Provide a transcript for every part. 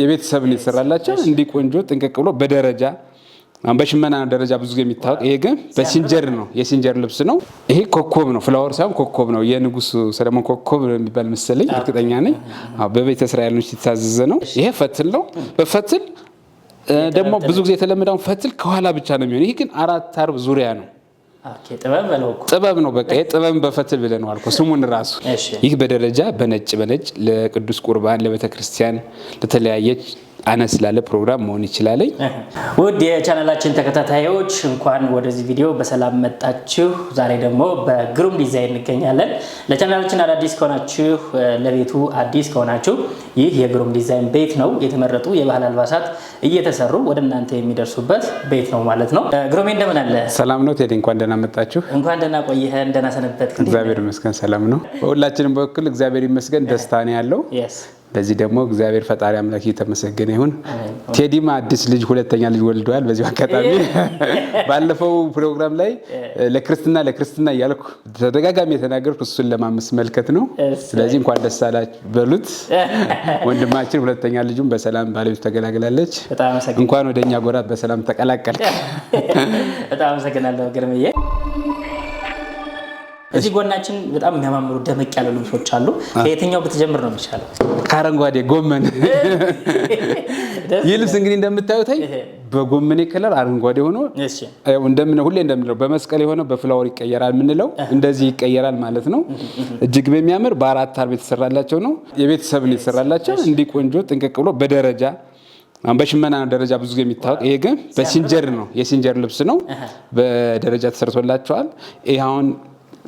የቤተሰብ ነው የተሰራላቸው። እንዲህ ቆንጆ ጥንቅቅ ብሎ በደረጃ በሽመና ደረጃ ብዙ ጊዜ የሚታወቅ ይሄ ግን በሲንጀር ነው፣ የሲንጀር ልብስ ነው። ይሄ ኮኮብ ነው፣ ፍላወር ሳይሆን ኮኮብ ነው። የንጉስ ሰለሞን ኮከብ የሚባል መሰለኝ፣ እርግጠኛ ነኝ። በቤተ እስራኤሎች የታዘዘ ነው። ይሄ ፈትል ነው። በፈትል ደግሞ ብዙ ጊዜ የተለመደውን ፈትል ከኋላ ብቻ ነው የሚሆን። ይሄ ግን አራት አርብ ዙሪያ ነው ጥበብ ነው። በቃ ጥበብ በፈትል ብለን እኮ ስሙን ራሱ። ይህ በደረጃ በነጭ በነጭ ለቅዱስ ቁርባን ለቤተክርስቲያን ለተለያየች አነስ ላለ ፕሮግራም መሆን ይችላለኝ። ውድ የቻናላችን ተከታታዮች እንኳን ወደዚህ ቪዲዮ በሰላም መጣችሁ። ዛሬ ደግሞ በግሩም ዲዛይን እንገኛለን። ለቻናላችን አዳዲስ ከሆናችሁ፣ ለቤቱ አዲስ ከሆናችሁ ይህ የግሩም ዲዛይን ቤት ነው። የተመረጡ የባህል አልባሳት እየተሰሩ ወደ እናንተ የሚደርሱበት ቤት ነው ማለት ነው። ግሩሜ እንደምን አለ? ሰላም ነው ቴዲ፣ እንኳን ደህና መጣችሁ። እንኳን ደህና ቆይኸን፣ እግዚአብሔር ይመስገን ሰላም ነው። በሁላችንም በኩል እግዚአብሔር ይመስገን ደስታ ነው ያለው ለዚህ ደግሞ እግዚአብሔር ፈጣሪ አምላክ እየተመሰገነ ይሁን። ቴዲም አዲስ ልጅ ሁለተኛ ልጅ ወልደዋል። በዚሁ አጋጣሚ ባለፈው ፕሮግራም ላይ ለክርስትና ለክርስትና እያልኩ ተደጋጋሚ የተናገርኩ እሱን መልከት ነው። ስለዚህ እንኳን ደስ አላችሁ በሉት። ወንድማችን ሁለተኛ ልጁም በሰላም ባለቤቱ ተገላግላለች። እንኳን ወደ እኛ ጎራት በሰላም ተቀላቀልክ። በጣም አመሰግናለሁ ግርምዬ። እዚህ ጎናችን በጣም የሚያማምሩ ደመቅ ያሉ ልብሶች አሉ። ከየትኛው ብትጀምር ነው የሚሻለው? ከአረንጓዴ ጎመን። ይህ ልብስ እንግዲህ እንደምታዩት በጎመኔ ከለር አረንጓዴ ሆኖ እንደምነው ሁሌ እንደምንለው በመስቀል የሆነ በፍላወር ይቀየራል የምንለው እንደዚህ ይቀየራል ማለት ነው። እጅግ በሚያምር በአራት አርብ የተሰራላቸው ነው የቤተሰብ የተሰራላቸው እንዲህ ቆንጆ ጥንቅቅ ብሎ በደረጃ በሽመና ደረጃ ብዙ ጊዜ የሚታወቅ ይሄ ግን በሲንጀር ነው የሲንጀር ልብስ ነው። በደረጃ ተሰርቶላቸዋል። ይህ አሁን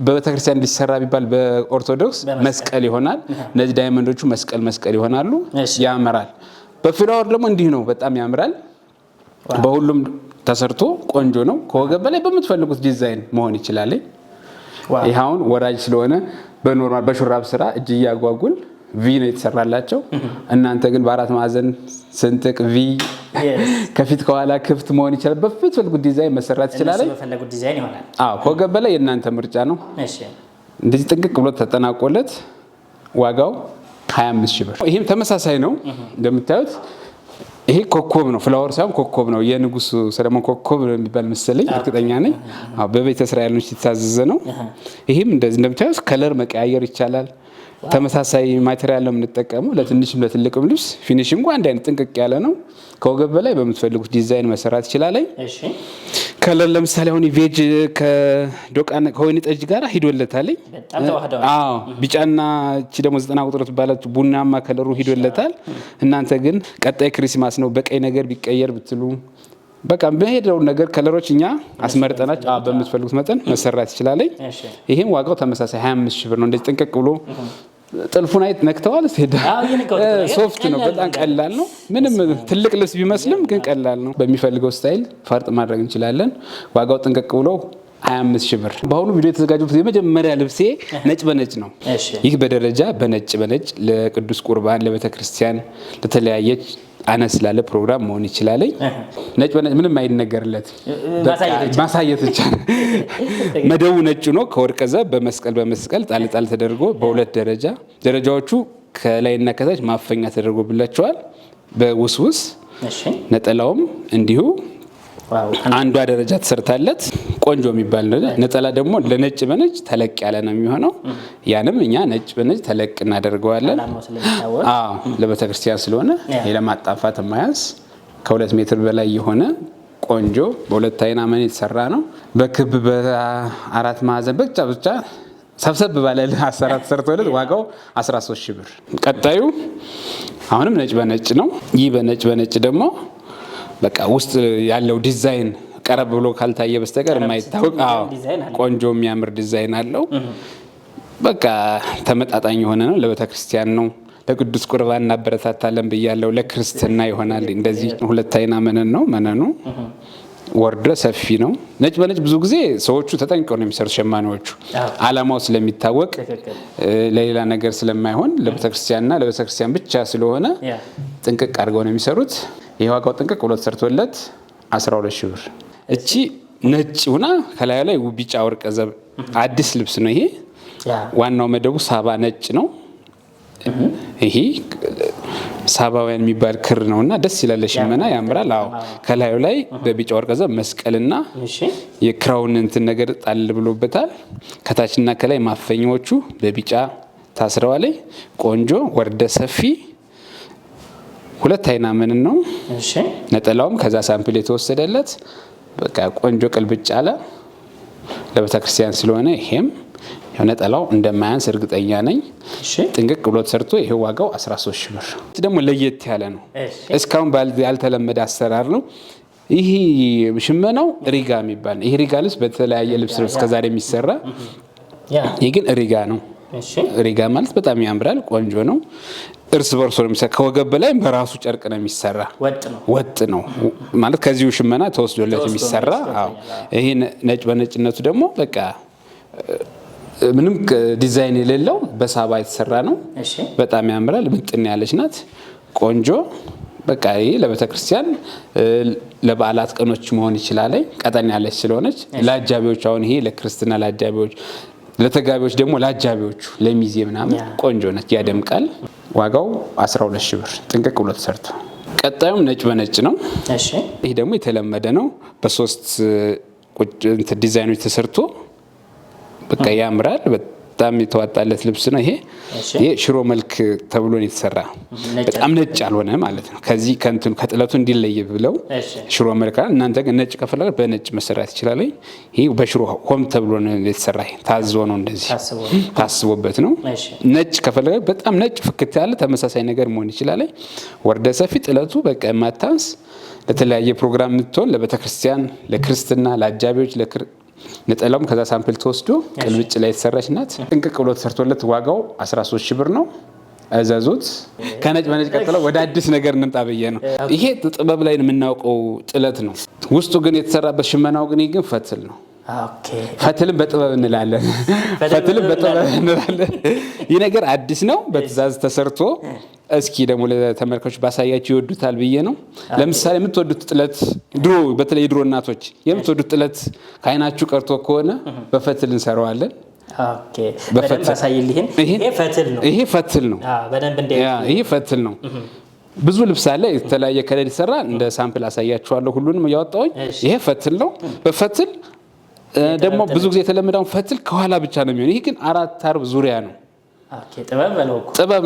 በቤተክርስቲያን ሊሰራ ቢባል በኦርቶዶክስ መስቀል ይሆናል። እነዚህ ዳይመንዶቹ መስቀል መስቀል ይሆናሉ። ያምራል። በፊላወር ደግሞ እንዲህ ነው፣ በጣም ያምራል። በሁሉም ተሰርቶ ቆንጆ ነው። ከወገብ በላይ በምትፈልጉት ዲዛይን መሆን ይችላል። ይህ አሁን ወራጅ ስለሆነ በኖርማል በሹራብ ስራ እጅ እያጓጉል ቪ ነው የተሰራላቸው። እናንተ ግን በአራት ማዕዘን ስንጥቅ ቪ ከፊት ከኋላ ክፍት መሆን ይችላል። በፍትፈልጉት ዲዛይን መሰራት ይችላል። ከወገብ በላይ የእናንተ ምርጫ ነው። እንደዚህ ጥንቅቅ ብሎ ተጠናቆለት ዋጋው 25 ሺህ ብር። ይህም ተመሳሳይ ነው እንደምታዩት ይሄ ኮኮብ ነው፣ ፍላወር ሳይሆን ኮኮብ ነው። የንጉሱ ሰለሞን ኮኮብ የሚባል መሰለኝ፣ እርግጠኛ ነኝ። በቤተ እስራኤሎች የተታዘዘ ነው። ይህም እንደዚህ እንደምታዩት ከለር መቀያየር ይቻላል። ተመሳሳይ ማቴሪያል ነው የምንጠቀመው ለትንሽም ለትልቅም ልብስ። ፊኒሽንጉ አንድ አይነት ጥንቅቅ ያለ ነው። ከወገብ በላይ በምትፈልጉት ዲዛይን መሰራት ይችላለኝ። ከለር ለምሳሌ አሁን ቬጅ ከዶቃ ከወይን ጠጅ ጋር ሂዶለታለኝ። ቢጫና እቺ ደግሞ ዘጠና ቁጥር ትባላችሁ ቡናማ ከለሩ ሂዶለታል። እናንተ ግን ቀጣይ ክሪስማስ ነው በቀይ ነገር ቢቀየር ብትሉ በቃ በሄደውን ነገር ከለሮች እኛ አስመርጠናች በምትፈልጉት መጠን መሰራት ይችላለኝ። ይህም ዋጋው ተመሳሳይ 25 ሺህ ብር ነው። እንደዚህ ጥንቅቅ ብሎ ጥልፉን አይት ነክተዋል። ሶፍት ነው፣ በጣም ቀላል ነው። ምንም ትልቅ ልብስ ቢመስልም ግን ቀላል ነው። በሚፈልገው ስታይል ፈርጥ ማድረግ እንችላለን። ዋጋው ጥንቅቅ ብሎ 25 ሺህ ብር። በአሁኑ ቪዲዮ የተዘጋጀሁት የመጀመሪያ ልብሴ ነጭ በነጭ ነው። ይህ በደረጃ በነጭ በነጭ ለቅዱስ ቁርባን፣ ለቤተክርስቲያን፣ ለተለያየች አነስ ስላለ ፕሮግራም መሆን ይችላለኝ። ነጭ በነጭ ምንም አይነገርለት ማሳየት ብቻ። መደቡ ነጭ ነው ከወርቀ ዘብ በመስቀል በመስቀል ጣል ጣል ተደርጎ በሁለት ደረጃ ደረጃዎቹ ከላይና ከታች ማፈኛ ተደርጎብላቸዋል። በውስውስ ነጠላውም እንዲሁ አንዷ ደረጃ ተሰርታለት ቆንጆ የሚባል ነጠላ ደግሞ ለነጭ በነጭ ተለቅ ያለ ነው የሚሆነው። ያንም እኛ ነጭ በነጭ ተለቅ እናደርገዋለን። ለቤተክርስቲያን ስለሆነ ለማጣፋት ማያዝ ከሁለት ሜትር በላይ የሆነ ቆንጆ በሁለት አይና መን የተሰራ ነው። በክብ በአራት ማዕዘን ብቻ ብቻ ሰብሰብ ባለ አሰራር ተሰርቶለት ዋጋው 13 ሺህ ብር። ቀጣዩ አሁንም ነጭ በነጭ ነው። ይህ በነጭ በነጭ ደግሞ በቃ ውስጥ ያለው ዲዛይን ቀረብ ብሎ ካልታየ በስተቀር የማይታወቅ ቆንጆ የሚያምር ዲዛይን አለው። በቃ ተመጣጣኝ የሆነ ነው። ለቤተክርስቲያን ነው ለቅዱስ ቁርባን እናበረታታለን ብያለው። ለክርስትና ይሆናል። እንደዚህ ሁለት አይና መነን ነው። መነኑ ወርደ ሰፊ ነው። ነጭ በነጭ ብዙ ጊዜ ሰዎቹ ተጠንቀው ነው የሚሰሩት ሸማኔዎቹ። አላማው ስለሚታወቅ ለሌላ ነገር ስለማይሆን ለቤተክርስቲያንና ለቤተክርስቲያን ብቻ ስለሆነ ጥንቅቅ አድርገው ነው የሚሰሩት። ይህ ዋጋው ጥንቅቅ ብሎ ተሰርቶለት 12 ሺ ብር እቺ ነጭ ሁና ከላዩ ላይ ቢጫ ወርቀ ዘብ አዲስ ልብስ ነው ይሄ። ዋናው መደቡ ሳባ ነጭ ነው። ይሄ ሳባውያን የሚባል ክር ነው እና ደስ ይላል፣ ሽመና ያምራል። አዎ ከላዩ ላይ በቢጫ ወርቀ ዘብ መስቀልና የክራውን እንትን ነገር ጣል ብሎበታል። ከታችና ከላይ ማፈኛዎቹ በቢጫ ታስረዋል። ቆንጆ ወርደ ሰፊ ሁለት አይናምን ነው ነጠላውም ከዛ ሳምፕል የተወሰደለት በቃ ቆንጆ ቅልብጭ አለ ለቤተ ክርስቲያን ስለሆነ ይሄም ነጠላው እንደማያንስ እርግጠኛ ነኝ። ጥንቅቅ ብሎ ተሰርቶ ይሄ ዋጋው 13 ሺህ ብር ደግሞ ለየት ያለ ነው። እስካሁን ያልተለመደ አሰራር ነው። ይህ ሽመናው ሪጋ የሚባል ነው። ይህ ሪጋ ልብስ በተለያየ ልብስ ነው እስከዛሬ የሚሰራ ይህ ግን ሪጋ ነው። ሪጋ ማለት በጣም ያምራል፣ ቆንጆ ነው። እርስ በርሶ ነው የሚሰራ። ከወገብ በላይ በራሱ ጨርቅ ነው የሚሰራ፣ ወጥ ነው ማለት ከዚሁ ሽመና ተወስዶለት የሚሰራ። ይሄ ነጭ በነጭነቱ ደግሞ በቃ ምንም ዲዛይን የሌለው በሳባ የተሰራ ነው። በጣም ያምራል። ምጥን ያለች ናት፣ ቆንጆ በቃ ይሄ ለቤተ ክርስቲያን ለበዓላት ቀኖች መሆን ይችላል። ቀጠን ያለች ስለሆነች ለአጃቢዎች አሁን ይሄ ለክርስትና ለአጃቢዎች፣ ለተጋቢዎች ደግሞ ለአጃቢዎቹ ለሚዜ ምናምን ቆንጆ ነች፣ ያደምቃል። ዋጋው 12 ሺህ ብር ጥንቅቅ ብሎ ተሰርቶ። ቀጣዩም ነጭ በነጭ ነው። ይህ ደግሞ የተለመደ ነው። በሶስት ዲዛይኖች ተሰርቶ በቃ ያምራል። በጣም የተዋጣለት ልብስ ነው። ይሄ ይሄ ሽሮ መልክ ተብሎ ነው የተሰራ። በጣም ነጭ አልሆነ ማለት ነው። ከዚህ ከእንትኑ ከጥለቱ እንዲለይ ብለው ሽሮ መልክ አለ። እናንተ ግን ነጭ ከፈለገ በነጭ መሰራት ይችላል። ይሄ በሽሮ ሆም ተብሎ ነው የተሰራ። ታዞ ነው እንደዚህ ታስቦበት ነው። ነጭ ከፈለገ በጣም ነጭ ፍክት ያለ ተመሳሳይ ነገር መሆን ይችላል። ወርደ ሰፊ ጥለቱ በቃ የማታንስ ለተለያየ ፕሮግራም የምትሆን ለቤተክርስቲያን፣ ለክርስትና፣ ለአጃቢዎች ነጠላውም ከዛ ሳምፕል ተወስዶ ቅልብጭ ላይ የተሰራች ናት። ጥንቅቅ ብሎ ተሰርቶለት ዋጋው 13 ሽብር ብር ነው። እዘዙት። ከነጭ በነጭ ቀጥለው ወደ አዲስ ነገር እንምጣ ብዬ ነው። ይሄ ጥበብ ላይ የምናውቀው ጥለት ነው። ውስጡ ግን የተሰራበት ሽመናው ግን ግን ፈትል ነው። Ah, ፈትልም በጥበብ እንላለን። ፈትልም በጥበብ እንላለን። ይህ ነገር አዲስ ነው፣ በትእዛዝ ተሰርቶ እስኪ ደግሞ ለተመልካቾች ባሳያቸው ይወዱታል ብዬ ነው። ለምሳሌ የምትወዱት ጥለት ድሮ በተለይ የድሮ እናቶች የምትወዱት ጥለት ከአይናችሁ ቀርቶ ከሆነ በፈትል እንሰራዋለን። ይሄ ፈትል ነው። ይሄ ፈትል ነው። ብዙ ልብስ አለ፣ የተለያየ ከለር ይሰራ። እንደ ሳምፕል አሳያችኋለሁ፣ ሁሉንም እያወጣሁኝ። ይሄ ፈትል ነው። በፈትል ደግሞ ብዙ ጊዜ የተለመደው ፈትል ከኋላ ብቻ ነው የሚሆን። ይህ ግን አራት አርብ ዙሪያ ነው። ጥበብ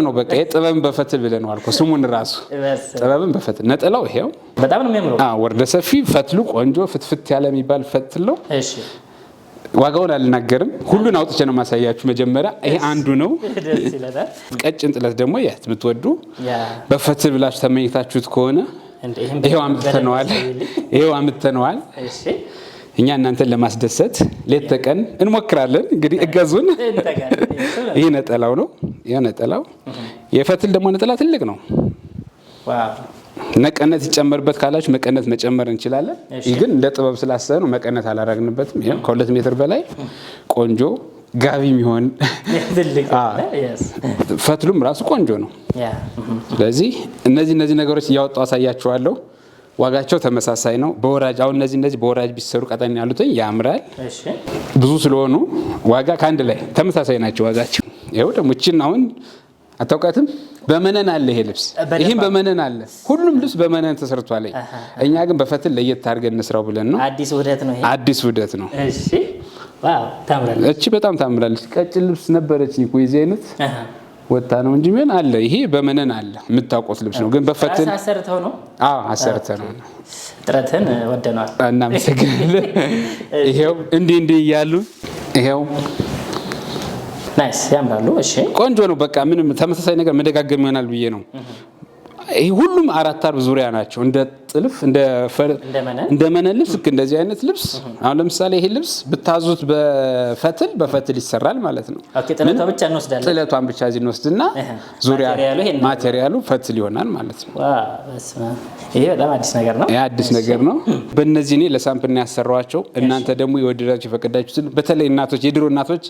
ነው። በቃ ጥበብን በፈትል ብለህ ነው ስሙን ራሱ ጥበብን በፈትል ነጠላው ይሄው በጣም ነው የሚያምረው። ወርደ ሰፊ ፈትሉ ቆንጆ ፍትፍት ያለ የሚባል ፈትል ነው። ዋጋውን አልናገርም። ሁሉን አውጥቼ ነው ማሳያችሁ። መጀመሪያ ይሄ አንዱ ነው። ቀጭን ጥለት ደግሞ የምትወዱ በፈትል ብላችሁ ተመኝታችሁት ከሆነ ይሄው አምጥተነዋል። ይሄው አምጥተነዋል። እኛ እናንተን ለማስደሰት ሌት ተቀን እንሞክራለን። እንግዲህ እገዙን። ይህ ነጠላው ነው። ይህ ነጠላው የፈትል ደግሞ ነጠላ ትልቅ ነው። መቀነት ይጨመርበት ካላችሁ መቀነት መጨመር እንችላለን። ይህ ግን እንደ ጥበብ ስላሰብ ነው መቀነት አላረግንበትም። ከሁለት ሜትር በላይ ቆንጆ ጋቢ የሚሆን ፈትሉም ራሱ ቆንጆ ነው። ስለዚህ እነዚህ እነዚህ ነገሮች እያወጡ አሳያችኋለሁ። ዋጋቸው ተመሳሳይ ነው። በወራጅ አሁን እነዚህ እነዚህ በወራጅ ቢሰሩ ቀጠን ያሉትኝ ያምራል። ብዙ ስለሆኑ ዋጋ ከአንድ ላይ ተመሳሳይ ናቸው ዋጋቸው። ይኸው ደግሞ እችን አሁን አታውቃትም? በመነን አለ ይሄ ልብስ፣ ይህም በመነን አለ። ሁሉም ልብስ በመነን ተሰርቷል። እኛ ግን በፈትል ለየት አድርገን እንስራው ብለን ነው። አዲስ ውህደት ነው። አዲስ ውህደት ነው። እቺ በጣም ታምራለች። ቀጭን ልብስ ነበረች እኮ አይነት ወጣ ነው እንጂ ምን አለ ይሄ በመነን አለ የምታውቁት ልብስ ነው፣ ግን በፈትን አሰርተው ነው። አዎ አሰርተው ነው። ጥረትን ወደነዋል። እናመሰግናለን። ይሄው እንዲህ እንዲህ እያሉ ይሄው ናይስ ያምራሉ። እሺ ቆንጆ ነው። በቃ ምንም ተመሳሳይ ነገር መደጋገም ይሆናል ብዬ ነው። ይሄ ሁሉም አራት አርብ ዙሪያ ናቸው እንደ ጥልፍ እንደ መነን ልብስ ልክ እንደዚህ አይነት ልብስ አሁን ለምሳሌ ይሄ ልብስ ብታዙት በፈትል በፈትል ይሰራል ማለት ነው። ጥለቷን ብቻ እዚህ እንወስድና ዙሪያ ማቴሪያሉ ፈትል ይሆናል ማለት ነው። ይሄ በጣም አዲስ ነገር ነው። ይሄ አዲስ ነገር ነው። በእነዚህ እኔ እናንተ ደግሞ የወደዳችሁ የፈቀዳችሁትን በተለይ እናቶች፣ የድሮ እናቶች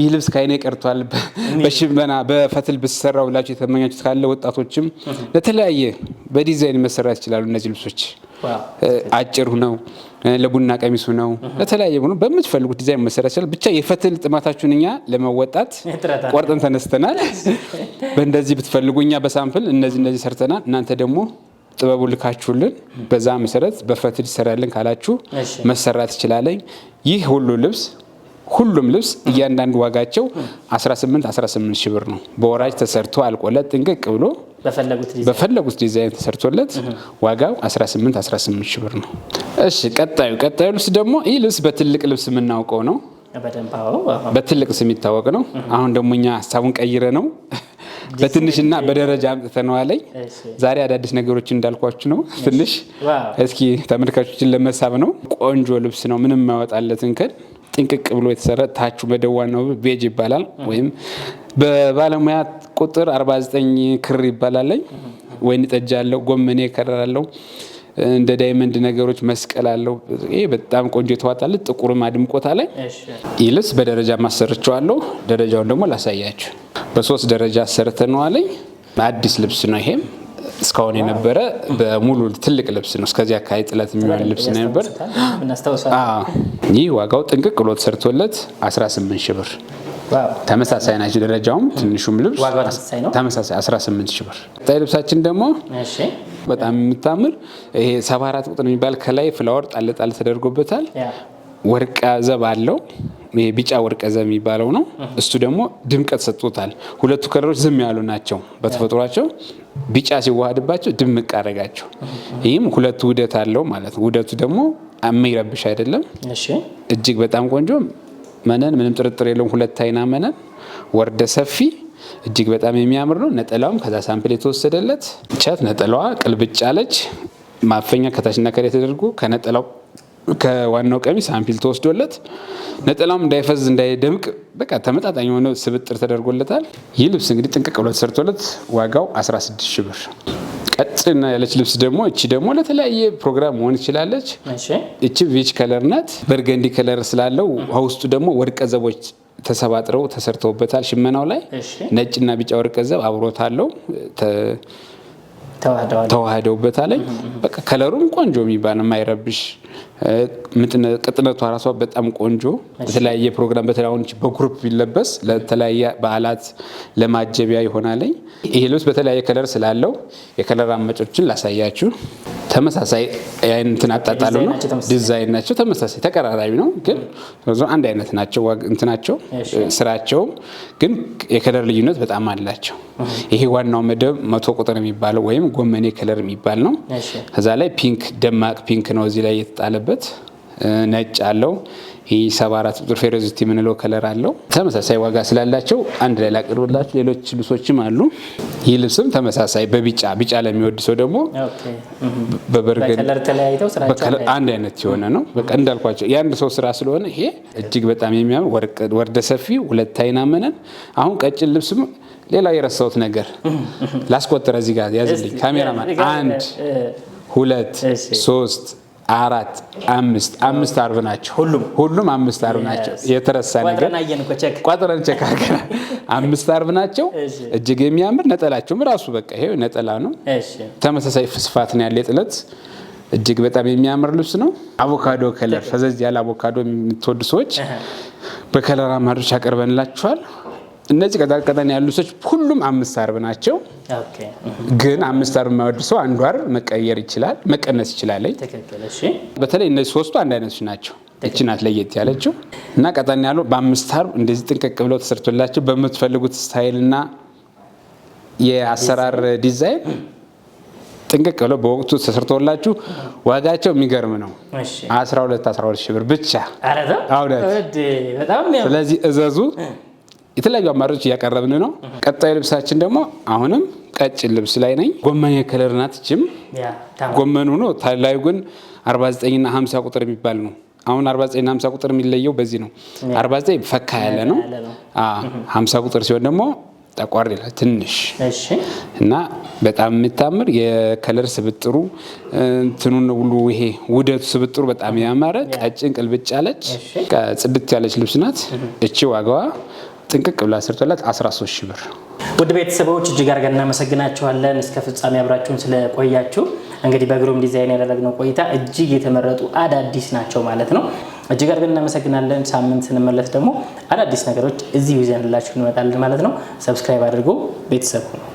ይህ ልብስ ከአይኔ ቀርቷል በሽመና በፈትል ብሰራው ብላችሁ የተመኛችሁት ካለ ወጣቶችም ለተለያየ በዲዛይን መሰራት ይችላሉ እነዚህ ልብሶች ቀሚሶች አጭሩ ነው፣ ለቡና ቀሚሱ ነው፣ ለተለያየ ሆኖ በምትፈልጉት ዲዛይን መሰረት ይችላል። ብቻ የፈትል ጥማታችሁን እኛ ለመወጣት ቆርጠን ተነስተናል። በእንደዚህ ብትፈልጉ እኛ በሳምፕል እነዚህ እነዚህ ሰርተናል። እናንተ ደግሞ ጥበቡ ልካችሁልን በዛ መሰረት በፈትል ይሰራልን ካላችሁ መሰራት ይችላለኝ። ይህ ሁሉ ልብስ ሁሉም ልብስ እያንዳንዱ ዋጋቸው 18 18 ሺ ብር ነው። በወራጅ ተሰርቶ አልቆለት ጥንቅቅ ብሎ በፈለጉት ዲዛይን ተሰርቶለት ዋጋው 18 18 ሺህ ብር ነው። እሺ ቀጣዩ ቀጣዩ ልብስ ደግሞ ይህ ልብስ በትልቅ ልብስ የምናውቀው ነው። በትልቅ ስም የሚታወቅ ነው። አሁን ደግሞ እኛ ሀሳቡን ቀይረ ነው በትንሽና በደረጃ ላይ ዛሬ አዳዲስ ነገሮች እንዳልኳችሁ ነው። ትንሽ እስኪ ተመልካቾችን ለመሳብ ነው። ቆንጆ ልብስ ነው። ምንም የማይወጣለትን ከድ ጥንቅቅ ብሎ የተሰራ ታቹ ነው። ቤጅ ይባላል ወይም በባለሙያ ቁጥር 49 ክር ይባላለኝ። ወይን ጠጅ አለው፣ ጎመኔ ከረር አለው፣ እንደ ዳይመንድ ነገሮች መስቀል አለው። ይሄ በጣም ቆንጆ የተዋጣለት ጥቁርም አድምቆታ ላይ ይልስ በደረጃ ማሰርቸዋለሁ። ደረጃውን ደግሞ ላሳያችሁ። በሶስት ደረጃ አሰርተነዋለኝ። አዲስ ልብስ ነው ይሄም እስካሁን የነበረ በሙሉ ትልቅ ልብስ ነው። እስከዚህ አካባቢ ጥለት የሚሆን ልብስ ነው ነበር። ይህ ዋጋው ጥንቅቅ ብሎ ተሰርቶለት 18 ሺ ብር ተመሳሳይ ናቸው። ደረጃውም ትንሹም ልብስ ተመሳሳይ 18 ሺህ ብር። ቀጣይ ልብሳችን ደግሞ በጣም የምታምር ይሄ 74 ቁጥር የሚባል ከላይ ፍላወር ጣል ጣል ተደርጎበታል። ወርቀ ዘብ አለው። ይሄ ቢጫ ወርቀ ዘብ የሚባለው ነው። እሱ ደግሞ ድምቀት ሰጥቶታል። ሁለቱ ከለሮች ዝም ያሉ ናቸው በተፈጥሯቸው ቢጫ ሲዋሃድባቸው ድምቅ አረጋቸው። ይህም ሁለቱ ውደት አለው ማለት ነው። ውደቱ ደግሞ የሚረብሽ አይደለም፣ እጅግ በጣም ቆንጆ መነን ምንም ጥርጥር የለውም። ሁለት አይና መነን ወርደ ሰፊ እጅግ በጣም የሚያምር ነው። ነጠላውም ከዛ ሳምፕል የተወሰደለት ቻት ነጠላዋ ቅልብጫ አለች። ማፈኛ ከታችና ከላይ ተደርጎ ከነጠላው ከዋናው ቀሚስ ሳምፕል ተወስዶለት ነጠላውም እንዳይፈዝ እንዳይደምቅ በቃ ተመጣጣኝ የሆነ ስብጥር ተደርጎለታል። ይህ ልብስ እንግዲህ ጥንቅቅ ብሎ ተሰርቶለት ዋጋው 16 ሺ ብር ቀጭን ያለች ልብስ ደግሞ እቺ ደግሞ ለተለያየ ፕሮግራም መሆን ይችላለች። እቺ ቪች ከለር ናት። በርገንዲ ከለር ስላለው ውስጡ ደግሞ ወርቀ ዘቦች ተሰባጥረው ተሰርተውበታል። ሽመናው ላይ ነጭና ቢጫ ወርቀ ዘብ አብሮት አለው ተዋህደውበታለኝ። በቃ ከለሩም ቆንጆ የሚባል የማይረብሽ ቅጥነቷ ራሷ በጣም ቆንጆ በተለያየ ፕሮግራም በተለያሁን በግሩፕ ቢለበስ ለተለያየ በዓላት ለማጀቢያ ይሆናለኝ። ይህ ልብስ በተለያየ ከለር ስላለው የከለር አመጮችን ላሳያችሁ። ተመሳሳይ እንትን አጣጣሉ ነው፣ ዲዛይን ናቸው፣ ተመሳሳይ ተቀራራቢ ነው፣ ግን አንድ አይነት ናቸው። እንትናቸው ስራቸውም ግን የከለር ልዩነት በጣም አላቸው። ይሄ ዋናው መደብ መቶ ቁጥር የሚባለው ወይም ጎመኔ ከለር የሚባል ነው። ከዛ ላይ ፒንክ ደማቅ ፒንክ ነው እዚህ ላይ የተጣለ አለበት። ነጭ አለው። ይህ ሰባ ቁጥር ፌሮዚቲ የምንለው ከለር አለው። ተመሳሳይ ዋጋ ስላላቸው አንድ ላይ ላቅርብላችሁ። ሌሎች ልብሶችም አሉ። ይህ ልብስም ተመሳሳይ በቢጫ ቢጫ ለሚወድ ሰው ደግሞ በበርገን አንድ አይነት የሆነ ነው። በቃ እንዳልኳቸው የአንድ ሰው ስራ ስለሆነ ይሄ እጅግ በጣም የሚያምር ወርደ ሰፊ ሁለት አይን አመነን። አሁን ቀጭን ልብስም ሌላ የረሳሁት ነገር ላስቆጥረ እዚህ ጋር ያዝልኝ ካሜራማን አንድ ሁለት ሶስት አራት አምስት አምስት አርብ ናቸው። ሁሉም ሁሉም አምስት አርብ ናቸው። የተረሳ ነገር ቸክ አድርገናል። አምስት አርብ ናቸው። እጅግ የሚያምር ነጠላቸውም ራሱ በቃ ይሄ ነጠላ ነው። ተመሳሳይ ፍስፋት ነው ያለ ጥለት እጅግ በጣም የሚያምር ልብስ ነው። አቮካዶ ከለር ፈዘዝ ያለ አቮካዶ የምትወዱ ሰዎች በከለር አማዶች አቀርበንላችኋል። እነዚህ ቀጠን ቀጠን ያሉ ሰዎች ሁሉም አምስት አርብ ናቸው። ግን አምስት አርብ የማይወድ ሰው አንዱ አርብ መቀየር ይችላል መቀነስ ይችላል። በተለይ እነዚህ ሶስቱ አንድ አይነቶች ናቸው። እችናት ለየት ያለችው እና ቀጠን ያሉ በአምስት አርብ እንደዚህ ጥንቅቅ ብለው ተሰርቶላቸው በምትፈልጉት ስታይልና የአሰራር ዲዛይን ጥንቅቅ ብለው በወቅቱ ተሰርቶላችሁ ዋጋቸው የሚገርም ነው። 12 12 ሺህ ብር ብቻ። ስለዚህ እዘዙ። የተለያዩ አማራጮች እያቀረብን ነው። ቀጣዩ ልብሳችን ደግሞ አሁንም ቀጭን ልብስ ላይ ነኝ። ጎመን የከለር ናት ችም ጎመኑ ነው። ታላዩ ግን 49ና 50 ቁጥር የሚባል ነው። አሁን 49ና 50 ቁጥር የሚለየው በዚህ ነው። 49 ፈካ ያለ ነው። 50 ቁጥር ሲሆን ደግሞ ጠቋር ይላል ትንሽ እና በጣም የምታምር የከለር ስብጥሩ እንትኑን ሁሉ ይሄ ውደቱ ስብጥሩ በጣም ያማረ ቀጭን ቅልብጭ ያለች ጽድት ያለች ልብስ ናት። እቺ ዋጋዋ ጥንቅቅ ብላ ሰርቶላት 13 ሺ ብር። ውድ ቤተሰቦች እጅግ አድርገን እናመሰግናችኋለን። እስከ ፍጻሜ አብራችሁን ስለቆያችሁ እንግዲህ በግሩም ዲዛይን ያደረግነው ቆይታ እጅግ የተመረጡ አዳዲስ ናቸው ማለት ነው። እጅግ አድርገን እናመሰግናለን። ሳምንት ስንመለስ ደግሞ አዳዲስ ነገሮች እዚህ ይዘንላችሁ እንመጣለን ማለት ነው። ሰብስክራይብ አድርጎ ቤተሰብ ነው።